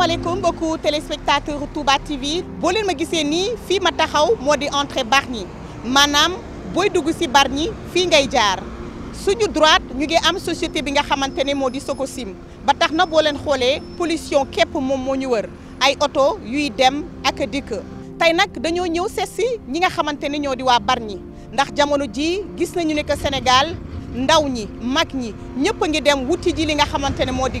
asalaamaaleykum beaucoup téléspectateurs Touba TV boo ma gisee nii fii ma taxaw modi entrée Bargny Manam boy dugg ci Bargny fi ngay jaar suñu droite ñu ngi am société bi nga xamantene modi moo di ba taxna pollution képp mom mo ñu wër ay auto yuy dem ak dik. Tay nak dañoo ñew seet si ñi nga xamantene ne ñoo di wa ndax jamono ji gis nañu ne que Sénégal ndaw ñi mag ñi ñepp dem wuti ji li nga xamantene modi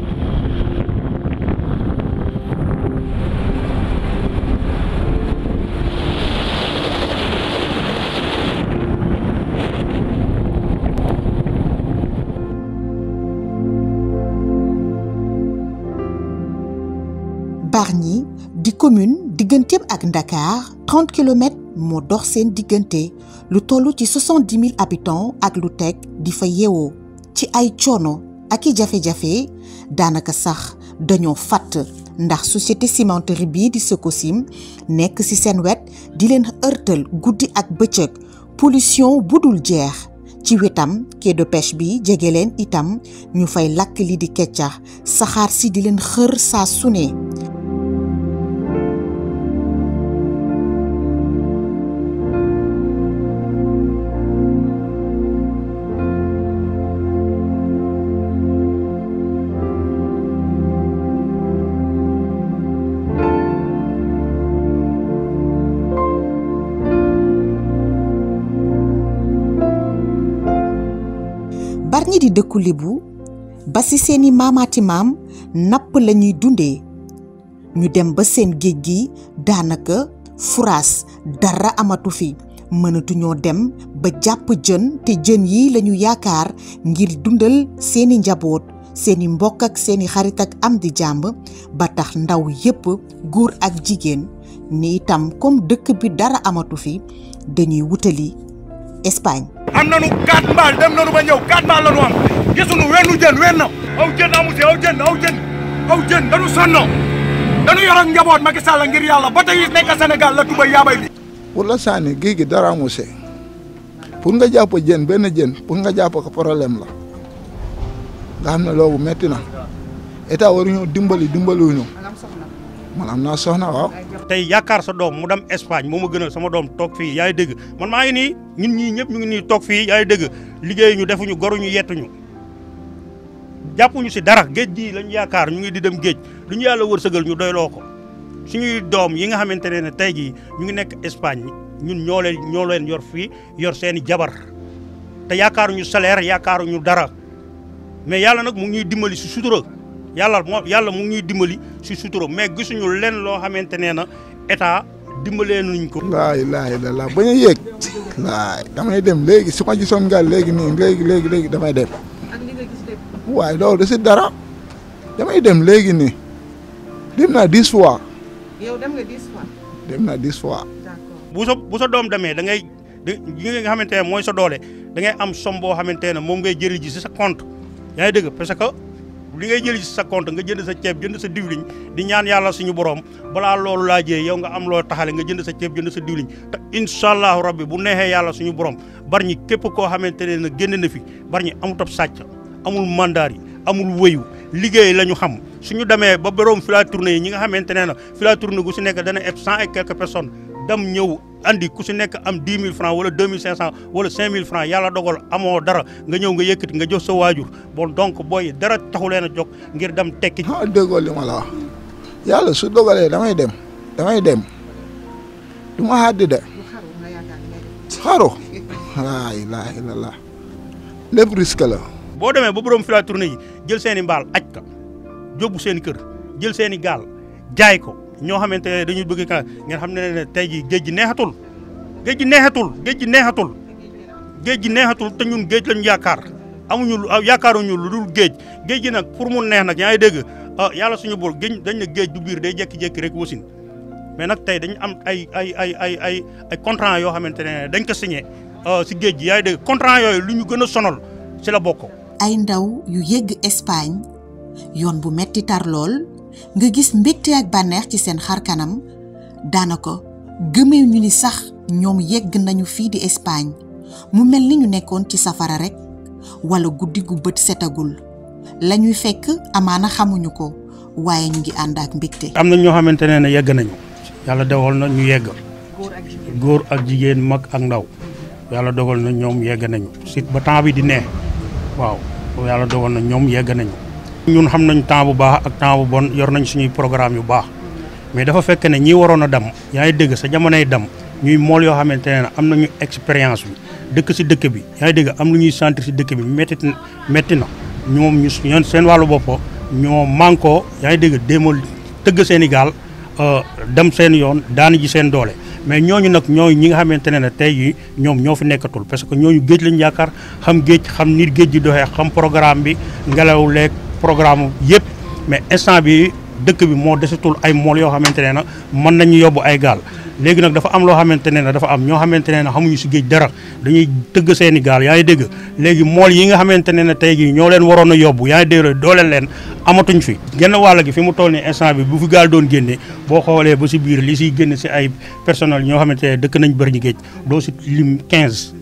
Bargny di commune digganteem ak Dakar, 30 km mo dox sen diggante lu tollu ci 70 000 habitants ak lu tek di fa yeewoo ci ay coono ak jafé jafé, danaka sax dañoo ndax société cimenterie bi di Sokosim, nek ci sen wet di len ërtal goudi ak pollution budul jeex ci wetam ké de pêche bi jege itam ñu fay di ketcha, saxar si di len xër sa suné. dëkku Lebu ba ci seeni maamaati maam napp lañuy dundee ñu dem ba seen géej gi daanaka furaas dara amatu fi mënatuñoo dem ba jàpp jën te jën yi lañu yaakaar ngir dundal seeni njaboot seeni mbokk ak seeni xarit ak am di jàmb ba tax ndaw yépp góor ak jigéen ni itam comme dëkk bi dara amatu fi dañuy wutali Espagne am nanu quatre mbaal dem nanu ba ñëw quatre mbaal la ñu am gisuñu wenn jën wenn aw jën amu aw jën aw jën aw jën dañu sonno dañu yor ak njaboot Macky Sall ngir yàlla ba tey nekk Sénégal la tuba yaabay bi pour la saani géej gi dara amu si nga jàpp jën benn jën pour nga jàpp ko problème la nga xam ne loolu metti na état waruñoo dimbali dimbaliwuñu man am naa soxna waaw. tey yaakaar sa doom mu dem Espagne moo ma gënal sama doom toog fii yaay dëgg man maa ngi nii ñun ñii ñëpp ñu ngi nii toog fii yaay dëgg liggéeyuñu defuñu goruñu yettuñu jàppuñu si dara géej gi lañu yaakaar ñu ngi di dem géej lu ñu yàlla wërsëgal ñu doyloo ko suñuy doom yi nga xamante ne ne tey jii ñu ngi nekk Espagne ñun ñoo leen ñoo leen yor fii yor seeni jabar te yaakaaruñu salaire yaakaaruñu dara mais yàlla nag mu ngi ñuy dimbali si sutura. yàlla moo yàlla mu ngi dimbali si sutura mais gisuñu lenn loo xamante ne na état dimbalee nuñ ko. laa ilaaha la bañ a yéeg waay damay dem léegi su ma gisoon léegi nii léegi léegi léegi damay dem. ak li de si dara damay dem léegi nii dem naa dix fois. yow dem nga bu sa bu sa doom demee da ngay nga xamante ne mooy sa doole da ngay am somme boo xamante ne moom ngay jëli ji si sa compte dëgg li ngay jël ci sa compte nga jënd sa ceeb jënd sa diwliñ di ñaan yàlla suñu borom balaa loolu laajee yow nga am loo taxale nga jënd sa ceeb jënd sa diwliñ te incha allahu rabbi bu neexee yàlla suñu borom bari ñi képp koo xamante ne na génn na fi bari ñi amut ab sàcc amul mandaar yi amul wéyu liggéey la ñu xam suñu demee ba borom la tournée yi ñi nga xamante ne na la tournée gu si nekk dana eb cent et quelques personnes dam ñëw andi ku si nekk am 10 000 francs wala mil 2500 wala 5000 francs yàlla dogal amoo dara nga ñëw nga yëkkati nga jox sa waajur bon donc booy dara taxu leen a jóg ngir dem tekki. ah déggoo li ma la su dogalee damay dem damay dem du ma xaar di de xaru laa ilaaha illallaah la. boo demee ba borom Philatoury yi jël seeni i mbaal aj ka jóbbu seen kër jël seeni gaal jaay ko. ñoo xamante ne dañuy bëgg ka ngeen xam ne ne tey ji géej gi neexatul géej gi neexatul géej gi neexatul géej gi neexatul te ñun géej lañu yaakaar amuñu ah, yaakaaruñu lu dul géej géej ji nag pour mu neex nag yaa ngi dégg ah, yàlla suñu bool géej dañ ne géej du biir day jékki-jékki rek wasin mais nag tey dañ am ay ay ay ay ay ay yoo xamante ne dañ ko signé ah, si géej yaay yaa ngi dégg contrat yooyu lu ñu gën a sonal si la bokk. ay ndaw yu yëgg Espagne yoon bu metti tar lool. nga gis mbégte ak bànneex ci seen xarkanam kanam daanaka gëmee ñu ni sax ñoom yegg nañu fii di Espagne mu mel ni ñu nekkoon ci safara rekk walla guddi gu bët setagul lañuy fekk amaana xamuñu ko waaye ñu ngi ànd ak mbégte. am na ñoo xamante ne ne yegg nañu yàlla dogal na ñu yegg góor ak jigéen mag ak ndaw yàlla dogal na ñoom yegg nañu si ba temps bi di neex waaw yàlla dogal na ñoom yegg nañu. ñun xam nañ temps bu baax ak temps bu bon yor nañ suñuy programme yu baax mais dafa fekk ne ñi waroon a dem yaa ngi dégg sa jamonoy dam ñuy mool yoo xamante ne am nañu expérience bi dëkk si dëkk bi yaa ngi dégg am lu ñuy sentir si dëkk bi métti métti na ñoom ñu seen wàllu bopp ñoo mànkoo yaa ngi dégg déemal tëgg seen i euh, dem seen yoon daan ji seen doole mais ñooñu nag ñooy ñi nga xamante ne ne tey yi ñoom ñoo fi nekkatul parce que ñooñu géej lañu yaakaar xam géej xam nit géej ji doxe xam programme bi ngelaw leeg programme yëpp mais instant bi dëkk bi moo desatul ay mool yoo xamante ne na mën nañu yóbbu ay gaal léegi nag dafa am loo xamante ne na dafa am ñoo xamante ne na xamuñu si géej dara dañuy tëgg seen gaal yaa ngi dégg léegi mool yi nga xamante ne na tey jii ñoo leen waroon a yóbbu yaa ngi dégg dooleel leen amatuñ fi genn wàll gi fi mu toll nii instant bi bu fi gaal doon génne boo xoolee ba si biir li siy génn si ay personnel ñoo xamante ne dëkk nañ bëri ñu géej doo si lim 15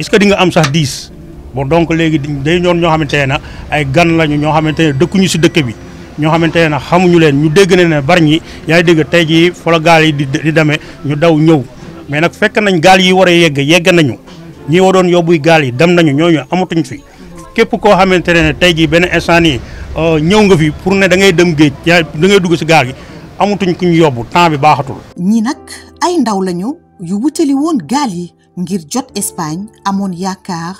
est-ce que di nga am sax 10 bon donc léegi day ñoon ñoo xamante ne na ay gan lañu ñoo xamante ne dëkkuñu si dëkk bi ñoo xamante ne na xamuñu leen ñu dégg ne bari ñi yaay dégg tey jii fa gaal yi di di demee ñu daw ñëw mais nag fekk nañ gaal yi war a yegg yegg nañu ñi wa doon yóbbuy gaal yi dem nañu ñooñu amatuñ fi képp koo xamante ne tey jii benn instant yi euh, ñëw nga fi pour ne da ngay dem géej yaa da ngay dugg si gaal gi amatuñ ku ñu yóbbu temps bi baaxatul. ñi nag ay ndaw lañu yu wutali woon gaal yi ngir jot Espagne amoon yaakaar.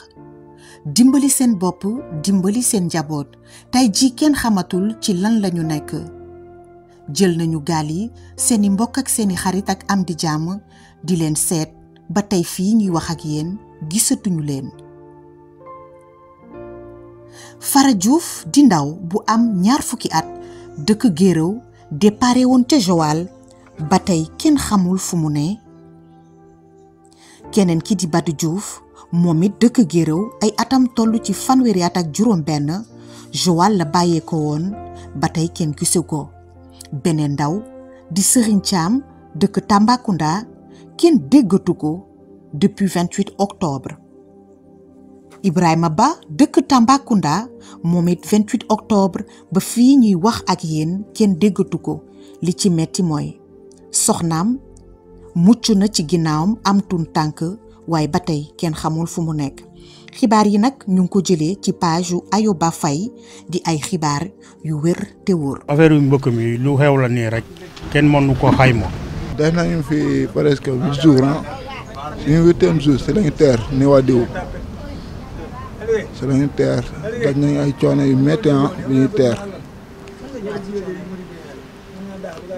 dimbali seen bopp dimbali seen njaboot tey ji kenn xamatul ci lan lañu nekk jël nañu gaal yi seeni mbokk ak seeni xarit ak am di jàmm di leen seet ba tey fii ñuy wax ak yéen gisatuñu leen Fara Diouf di ndaw bu am ñaar fukki at dëkk Géeraw déparé woon ca Joal ba tey kenn xamul fu mu ne keneen ki di Badou Diouf moom it dëkk Guéréo ay atam toll ci fanweeri at ak juróom benn Joal la bàyyeeko woon ba tey kenn gisu ko beneen ndaw di Serigne Thiam dëkk Tambacounda kenn déggatu ko depuis octobre Ibrahima Ba dëkk Tambacounda moom it 28 octobre ba fii ñuy wax ak yéen kenn déggatu ko li ci metti mooy soxnaam mucc na ci ginnaawam am tun tànk waaye ba tey kenn xamul fu mu nekk xibaar yi nag ñu ngi ko jëlee ci page yu Ayoba Faye di ay xibaar yu wér te wóor. affaire yu mbokk mi lu xew la nii rek kenn mënu ko xayma. def nañu fi presque huit jours ah suñu huitième jour si lañu teer ni waa diw si lañu teer daj nañu ay coono yu métti ah bi ñuy teer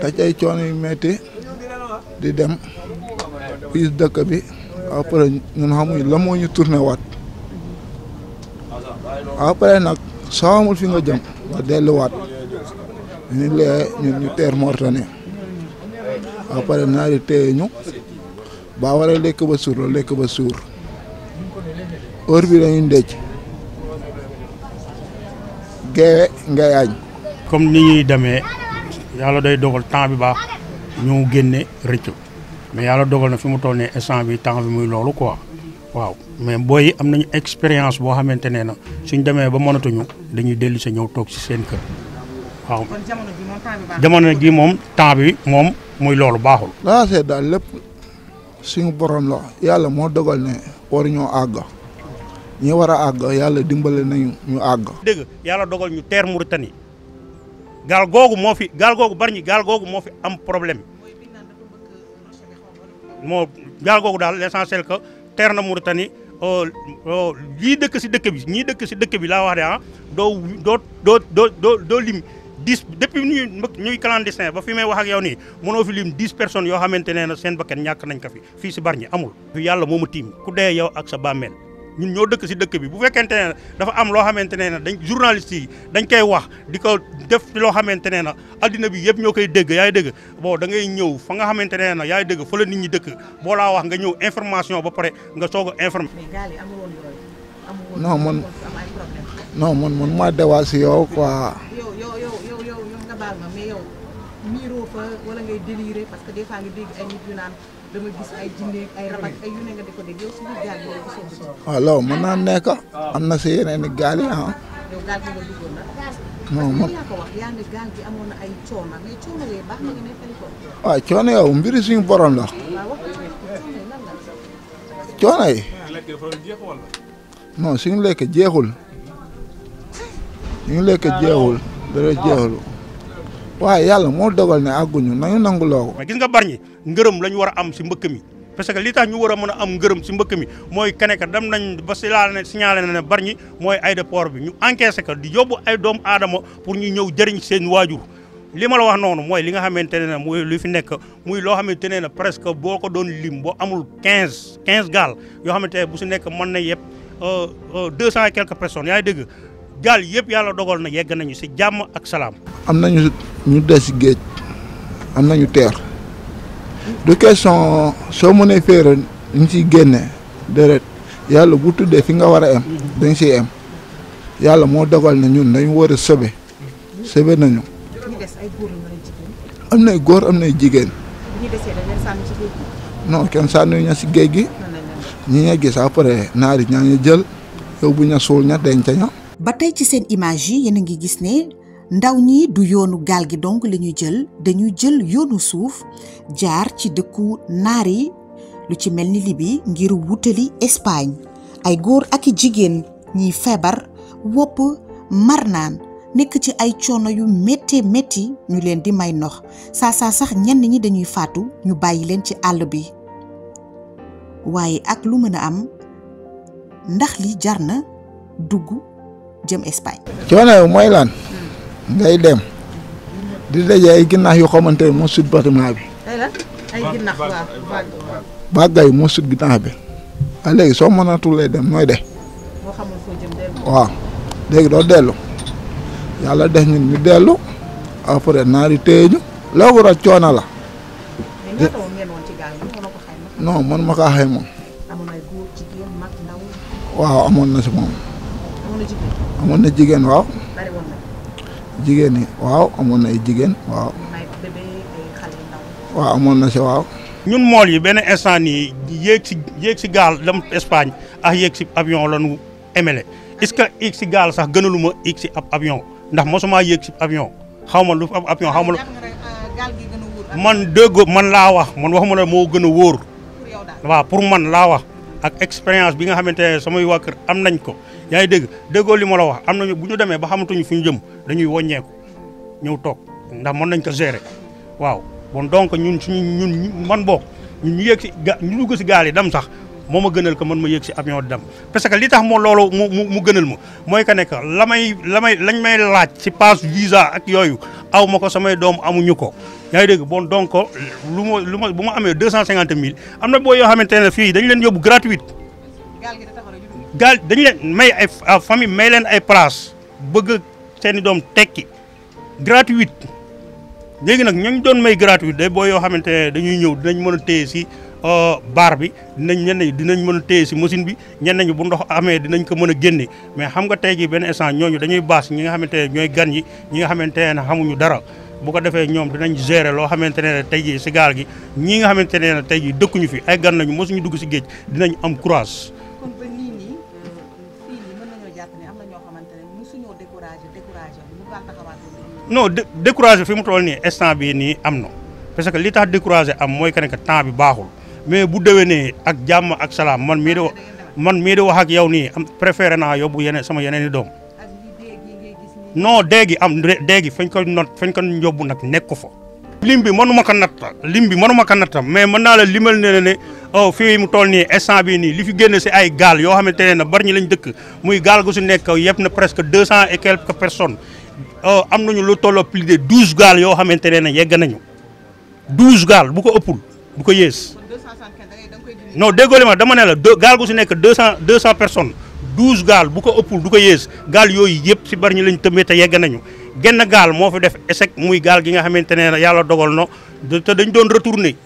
daj ay coono yu métti di dem fii dëkk bi. après ñun xamuñu la moo ñu tourné waat nag soo amul fi nga jëm nga delluwaat ñu lee ñun ñu teer Mauritanie après ñu ba war a lekk ba suur la lekk ba ndéj geewe nga comme ni ñuy demee yàlla day dogal temps bi baax ñoo génne mais yàlla dogal na fi mu toll nii instant bi temps bi muy loolu quoi waaw mais booy am nañu expérience boo xamante ne na suñ demee ba mënatuñu dañuy dellu sa ñëw toog si seen kër waaw. jamono ji moom temps bi moom muy loolu baaxul. laa see daal lépp suñu borom la yàlla moo dogal ne war ñoo àgg ñi war a àgg yàlla dimbale nañu ñu àgg. dëgg yàlla dogal ñu teer Mauritanie gaal googu moo fi gaal googu bari ñi gaal googu moo fi am problème. moo gaal googu daal l'essentiel ko teer na Mauritanie lii oh, oh, dëkk si dëkk bi ñii dëkk si dëkk bi laa wax de ah doo doo doo doo doo doo lim dix depuis ñuy ñuy clandestin ba fi may wax ak yow nii mënoo fi lim dix personnes yoo xamante ne seen bakkan ñàkk nañ ko fi fii si Bargny amul. yàlla moo ma tiim ku dee yow ak sa bàmmeel. ñun ñoo dëkk si dëkk bi bu fekkente ne dafa am loo xamante ne dañ journaliste yi dañ koy wax di ko def loo xamante ne na addina bi yëpp ñoo koy dégg yaay dégg bon da ngay ñëw fa nga xamante ne na yaay dégg fa la nit ñi dëkk boo laa wax nga ñëw information ba pare nga soog a informer. non man non man man maa si yow dama gis ay ah, naa nekk am na si yeneen i gaal yi ah. yaa ko wax coono mais coono yooyu baax borom la. coono yi. non suñu lekk jeexul. suñu lekk jeexul dara jeexul. waaye yàlla moo dogal ne àgguñu nañu nangu loo ko. gis nga Bargny ngërëm lañu war a am si mbëkk mi parce que lii tax ñu war a mën a am ngërëm si mbëkk mi mooy keneen ka dem nañ ba si laa ne signalé na ne Bargny mooy aéroport bi ñu encaissé ko di yóbbu ay doomu aadama pour ñu ñëw jëriñ seen waajur. li ma la wax noonu mooy li nga xamante ne mooy lu fi nekk muy loo xamante ne presque boo ko doon lim boo amul quinze quinze gaal yoo xamante ne bu si nekk mën na yëpp euh, euh, deux et quelques personnes yaa ngi dégg gaal yëpp yàlla dogal na yegg nañu si jàmm ak salaam. am nañu ñu des géej am nañu teer du question soo mënee féere ñu ciy génne déret yàlla bu tuddee fi nga war a am dañ si am yàlla moo dogal na ñun dañu war a sëbe sëbe nañu. am nay góor am na nay jigéen. non kenn sànni ña si géej gi. ñi ña gis après naari ñaa ñu jël yow bu ña suul ña denc ña. ba tey ci seen image yi yéen a ngi gis ne ndaw ñi du yoonu gaal gi donc lañuy jël dañuy jël yoonu suuf jaar ci dëkku naar yi lu ci mel ni Libi ngir wutali Espagne ay góor ak i jigéen ñiy feebar wopp marnaan nekk ci ay coono yu méttee métti ñu leen di may ndox saa saa sax ñenn ñi dañuy faatu ñu bàyyi leen ci àll bi waaye ak lu mën a am ndax li jar na dugg jëm Espagne. coono mooy lan. ngay dem di daje ay ginnaax yu xamante ne moo sut bâtiment bi. ay ginnaax waaw bàggay moo sut ginnaax bi. ah léegi soo mënatulee dem nooy de. waaw léegi doo dellu yàlla def ñun ñu dellu après naari téye ñu. loolu rek coono la. mais ñaata woon ngeen woon waaw amoon na si moom. na amoon na jigéen waaw. bari jigéen ñi waaw amoon na ay jigéen waaw. amoon na si waaw. ñun mool yi benn instant nii yéeg si yéeg gaal dem Espagne ak yéeg si avion la nu émele est-ce que yéeg si gaal sax gënalu ma yéeg si ab avion ndax mosuma yéeg si avion xaw ma lu ab avion xaw ah, ah, man dëgg man laa wax man waxuma la moo gën a wóor. waaw pour man laa wax. ak expérience bi nga xamante ne samay waa kër am nañ ko yaa ngi dégg déggoo li ma la wax am nañu bu ñu demee ba xamatuñu fu ñu jëm dañuy wàññeeku ñëw toog ndax mën nañ ko gérer waaw bon donc ñun suñu ñun man bokk ñu yéeg ga ñu dugg si gaal yi dem sax moo ma gënal ko man ma yëg si avion di dem parce que li tax moo looloo mu mu mu gënal ma mooy que ne que la may la may lañ may laaj si passe visa ak yooyu aw ma ko samay doom amuñu ko yaa ngi dégg bon donc lu ma lu ma bu mu amee deux cent cinquante mille am na boo yoo xamante ne fii dañu leen yóbbu gratuite. gaal dañu leen may ay famille may leen ay place bëgg seen i doom tekki gratuite léegi nag ñooñu doon may gratuite day boo yoo xamante ne dañuy ñëw dinañ mën a téye si euh, baar bi dinañ ñenn dinañ mën a téye si machine bi ñenn ñi bu ndox amee dinañ ko mën a génne mais xam nga tey jii benn instant ñooñu dañuy baas ñi nga xamante ne ñooy gan ñi ñi nga xamante ne xamuñu dara. bu ko defee ñoom dinañ gérer loo xamante ne tey jii si gaal gi ñii nga xamante ne tey jii dëkkuñu fi ay gan lañu mosuñu dugg si géej dinañ am courage. kon ba nii fi mu toll nii instant bi nii am na parce que li tax découragé am mooy que ne temps bi baaxul mais bu déwénee ak jàmm ak salaam man mii di man mii de wax ak yow nii am préféré naa yóbbu yeneen sama yeneen i doom. non déegi am déegi fañ ko not fañ ko yóbbu nag nekk ko fa. lim bi mënuma ko natta lim bi mënuma ko natta mais mën naa la limal ne ne oh fi mu toll nii instant bii nii li fi génn si ay gaal yoo xamante ne na bari ñu lañ dëkk muy gaal gu si nekk yëpp na presque deux cent et quelques personnes oh, am nañu lu tolloo plus de douze gaal yoo xamante ne na yegg nañu douze gaal bu ko ëppul bu ko yées. non déggoo ma dama ne la gaal gu si nekk deux cent deux cent personnes. douze gaal bu ko ëppul du ko yées gaal yooyu yëpp si Bargny lañu tëmbee te yegg nañu genn gaal moo fi def échec muy gaal gi nga xamante ne yàlla dogal no te dañ doon retourner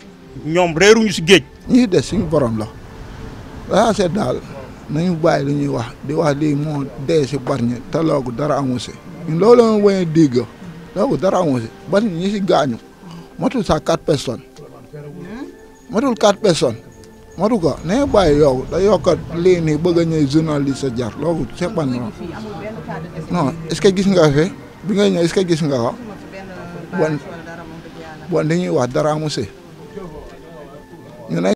ñoom réeruñu si géej. ñii des suñu borom la ah seet daal nañu bàyyi lu ñuy wax di wax lii moo dee si Bargny te loogu dara amu si ñun loolu la ma wëyee digg loogu dara amu si Bargny ñi si gaañu matul sax quatre personnes matul quatre personnes. matu ko ne bàyyi yow da yokkat lii nii bëgg a ñëw journaliste jar loolu c'est pas non ce que gis nga fi bi ngay ñëw est gis nga ko bon bon dañuy wax dara amu